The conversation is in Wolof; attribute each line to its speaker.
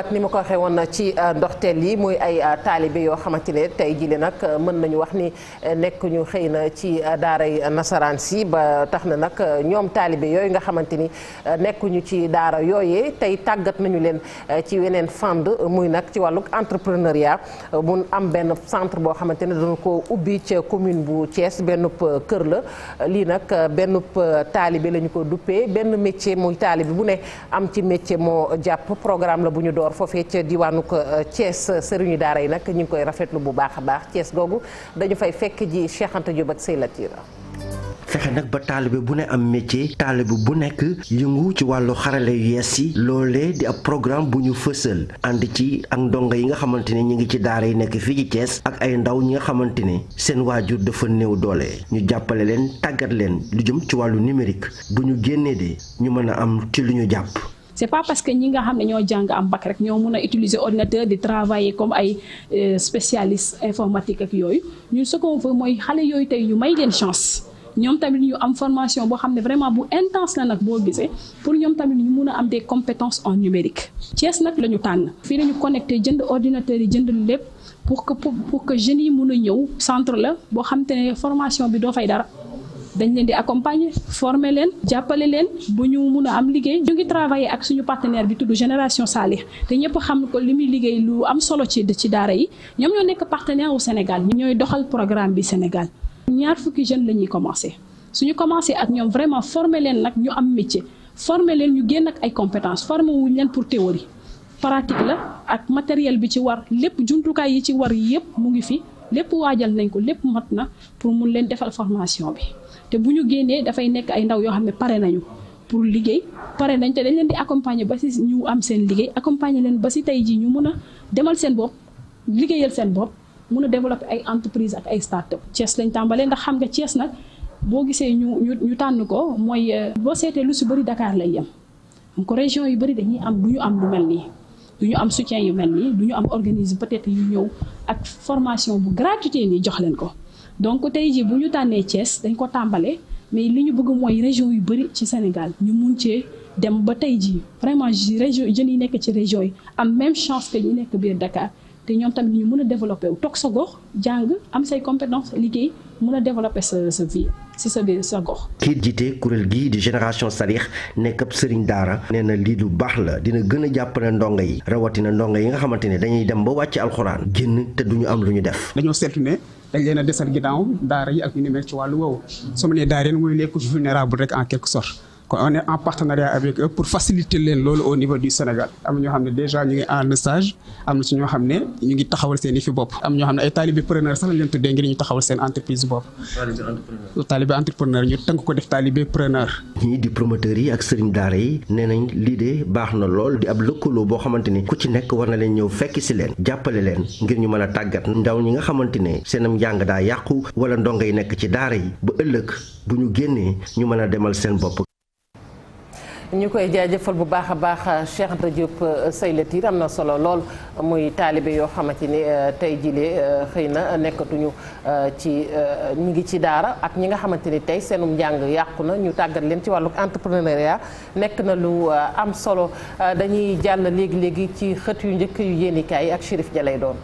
Speaker 1: ak ni ma ko waxee woon ci euh, ndoxteel yi muy ay euh, taalibe yoo xamante ne tey jii nag euh, mën nañu wax ni nekkuñu xëy na ci daaray nasaraan si ba tax na nag ñoom taalibe yooyu nga xamante ni nekkuñu ci daara yooye tey tàggat nañu leen ci weneen fànn muy nag ci wàllu entrepreneuriat mun am benn centre boo xamante ne dañu ko ubbi ca commune bu cees benn kër la lii nag benn taalibe la ñu ko duppee benn métier muy taalibe bu ne am ci métier moo jàpp. programme la bu ñu door foofee ca diwaanu ko euh, Thiès euh, sëriñu yi nag ñu ngi koy rafetlu bu baax a baax Thiès googu dañu fay fekk ji Cheikh Anta Diop ak Sey Latira
Speaker 2: fexe nag ba taalibe bu ne am métier taalibe bu nekk yëngu ci wàllu xarale yu yees yi loole di ab programme bu ñu fësal ànd ci ak ndongo yi nga xamante ne ñu ngi ci daara yi nekk fii ci Thiès ak ay ndaw ñi nga xamante ne seen waajur dafa néew doole ñu jàppale leen tàggat leen lu jëm ci wàllu numérique bu ñu génnee de ñu mën a am ci lu ñu jàpp
Speaker 3: c' est pas parce que ñi nga xam ne ñoo jàng am bac rek ñoo mën a utiliser ordinateur di travailler comme ay euh, spécialiste informatique ak yooyu ñu ce qu'on veut mooy xale yooyu tey ñu may leen chance ñoom tamit ñu am formation boo xam ne vraiment bu intense la nag boo gisee pour ñoom tamit ñu mun a am des compétences en numérique. Thiès nag la ñu tànn fii la ñu connecté jënd ordinateur yi jënd lépp pour que pour que jeunes yi mun a ñëw centre la boo xam te ne formation bi doo fay dara. dañ leen di accompagner former leen jàppale leen bu ñu mun a am liggéey ñu ngi travailler ak suñu partenaire bi tudd Génération Salih te ñëpp xam ko li muy liggéey lu am solo ci ci daara yi ñoom ñoo nekk partenaire wu Sénégal ñooy doxal programme bi Sénégal ñaar fukki jeunes la ñuy commencé suñu commencé ak ñoom vraiment former leen nag ñu am métier former leen ñu génn ak ay compétence former wuñ leen pour théorie pratique la ak matériel bi ci war lépp jumtukaay yi ci war yépp mu ngi fi lépp waajal nañ ko lépp mat na pour mun leen defal formation bi te bu ñu génnee dafay nekk ay ndaw yoo xam ne pare nañu pour liggéey pare nañ te dañ leen di accompagner ba si ñu am seen liggéey accompagner leen ba si tey jii ñu mun a demal seen bopp liggéeyal seen bopp mun a développer ay entreprise ak ay start-up Thiès lañ tàmbalee ndax xam nga Thiès nag boo gisee ñu ñu ñu tànn ko mooy euh, boo seetee lu si bëri dakaar lay yem am ko région yu bëri dañuy am du ñu am lu mel nii du ñu am soutien yu mel nii du ñu am organisme peut-être yu ñëw ak formation bu gratuité nii jox leen ko donc tey ji bu ñu tànnee cees dañ ko tàmbale mais li ñu bëgg mooy région yu bëri ci Sénégal ñu mun cee dem ba tey jii vraiment ji région jeunes yi nekk ci région yi am même chance que ñu nekk biir Dakar te ñoom tamit ñu mun a développé toog sa gox jàng am say compétence liggéey mun a développé sa sa vie. si sa biir sa gox.
Speaker 2: kiit jiite kuréel gii di génération Sadikh nekk ab sëriñ daara. nee na lii lu baax la dina gën a jàppale ndongo yi rawatina ndongo yi nga xamante ne dañuy dem ba wàcc alxuraan génn te duñu am lu ñu def. dañoo seetlu ne dañ leen a desal ginnaaw daara yi ak ñu ni ci wàllu woowu. su ma nee daara yi mooy les couches vulnérables rek en quelque sorte. kon on est en partenariat avec pour faciliter leen loolu au niveau du Sénégal am na ñoo xam ne déjà ñu ngi en stage am na ci ñoo xam ne ñu ngi taxawal seen i fi bopp am ñoo xam ne ay taalibe preneur sax lañ leen tuddee ngir ñu taxawal seen entreprise bopp taalibe entrepreneur ñu tënk ko def taalibe preneur ñii di promoteurs yi ak sëriñ daara yi nee nañ lii de baax na lool di ab lëkkaloo boo xamante ni ku ci nekk war na leen ñëw fekk si leen jàppale leen ngir ñu mën a tàggat ndaw ñi nga xamante ne seenam njàng daa yàqu wala ndongo yi nekk ci daara yi ba ëllëg bu ñu génnee ñu mën a demal seen bopp
Speaker 1: ñu koy jaajëfal bu baax a baax Cheikh Anta Diop euh, Sey Latir am na solo lool muy taalibe yoo xamante ni euh, tey jilee euh, xëy na nekkatuñu ci ñu ngi ci daara ak ñi nga xamante ni tey seenum njàng yàqu na ñu tàggat leen ci wàllu entrepreneuriat nekk na lu am solo dañuy jàll léegi léegi ci xët yu njëkk yu yéenikaay ak Chérif Dia lay doon.